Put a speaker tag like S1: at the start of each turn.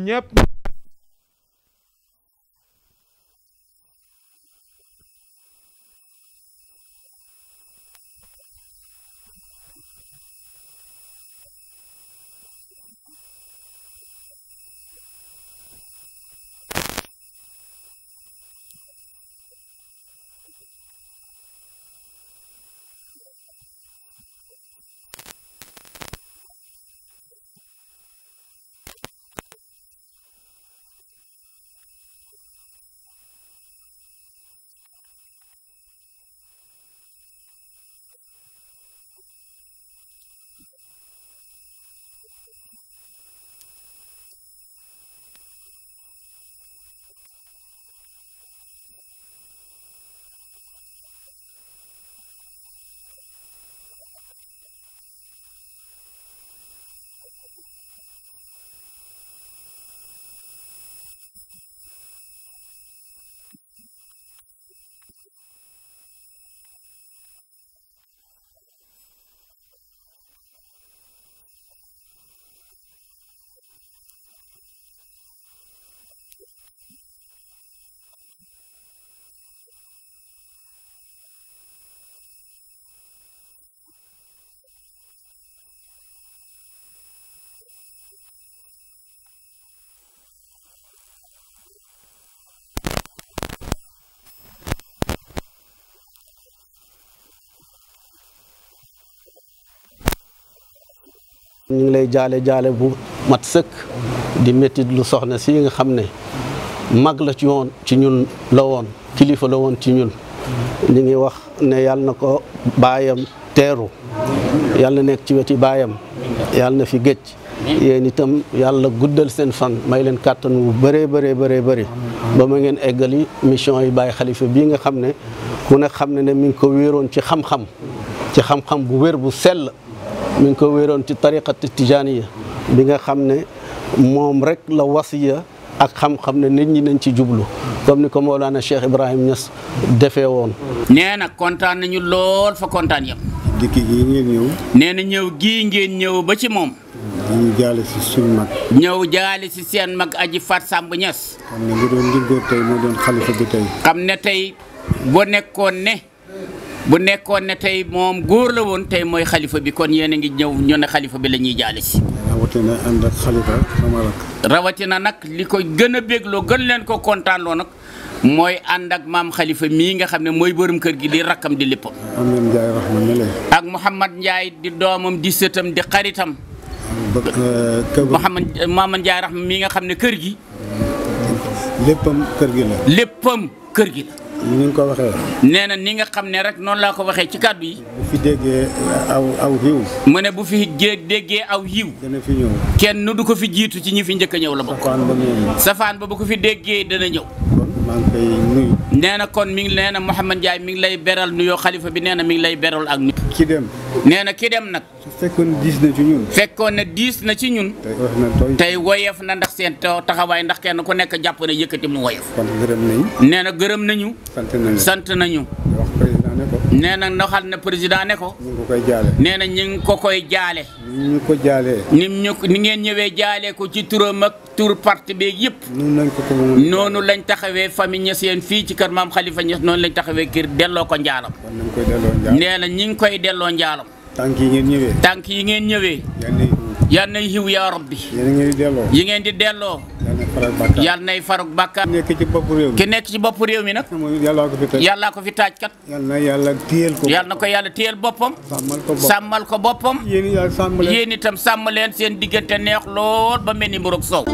S1: ñun ñëpp ñu ngi lay jaale jaale bu mat sëkk di métti lu soxna si nga xam ne mag la ci woon ci ñun la woon kilifa la woon ci ñun ñu ngi wax ne yàlla na ko baayam teeru yàlla nekk ci weti baayam yàlla na fi géej yéen itam yàlla guddal seen fan may leen kàttan wu bëree bëree bëree bëri ba ma ngeen eggali mission yi bàyyi xalifa bii nga xam ne ku ne xam ne ne mi ngi ko wéeroon ci xam-xam ci xam-xam bu wér bu sell mi ngi ko wéeroon ci ti tijaaniya bi nga xam ne moom rek la wasiya ak xam-xam ne nit ñi nañ ci jublu comme ni ko Mawlana Cheikh Ibrahim Niass defee woon.
S2: nee na kontaan nañu lool fa kontaan yëpp.
S1: dikk gi ngeen ñëw.
S2: nee na ñëw gii ngeen ñëw ba ci moom.
S1: ñëw jaale si suñu mag.
S2: ñëw jaale si seen mag aji Fat Samb Niass.
S1: xam ne li doon liggéey tey moo doon xalifa bi tey.
S2: xam ne tey boo nekkoon ne. bu nekkoon ne tey moom góor la woon tey mooy xalifa bi kon yéen a ngi ñëw ñu ne xalifa bi lañuy ñuy jaale si.
S1: rawatina ànd xalifa
S2: rawatina nag li ko gën a bégloo gën leen ko kontaanloo nag mooy ànd ak maam xalifa mii nga xam ne mooy borom kër gi di rakkam di léppam. Ahmed Ndiaye rahma di doomam di sëtam di xaritam. Euh, mii nga xam ne kër gi.
S1: léppam kër gi la. léppam kër gi la. ni nga ko waxee.
S2: nee na ni nga xam ne rek noonu laa ko waxee ci kàddu yi. bu
S1: fi déggee aw aw yiw.
S2: mu ne bu fi déggee aw yiw. dana fi ñëw. kenn du ko fi jiitu ci ñi fi njëkk a ñëw la bokk. safaan ba bu ko fi déggee dana ñëw. maa
S1: ngi
S2: koy kon mi ngi nee na Mouhamad Ndiaye mi ngi lay beral nuyoo xalifa bi nee na mi ngi lay beral ak nuyu. ki dem. nee na ki dem nag.
S1: fekkoon diis na ci ñun. fekkoon
S2: na diis na ci ñun. tey woyof na na ndax seen taxawaay ndax kenn ku nekk jàpp na yëkkati mu woyof.
S1: kon gërëm nañu.
S2: nee na gërëm nañu. sant nañu sant nañu. ne ko. na naxal na président ne ko. ñu ngi ko koy jaale.
S1: nee na ko koy jaale. ni ñu ko jaalee. ni
S2: ñu ni ngeen ñëwee jaalee ko ci turam ak tur parti beeg yëpp. noonu lañ taxawee famille Niassène fii ci kër maam Khalifa Niass noonu lañ taxawee kër delloo ko njaalam. nee na ñu ngi koy delloo njaalam. tànk yi ngeen ñëwee. yal nay xiw yaa rabbi yi ngeen di delloo yal nay faruk bàkkaar ki nekk ci bopp réew mi nag yàllaa ko fi taaj kat yal na ko yàlla téyel boppam sàmmal ko boppam yéen itam sàmm seen diggante neex lool ba mel ni mburug soow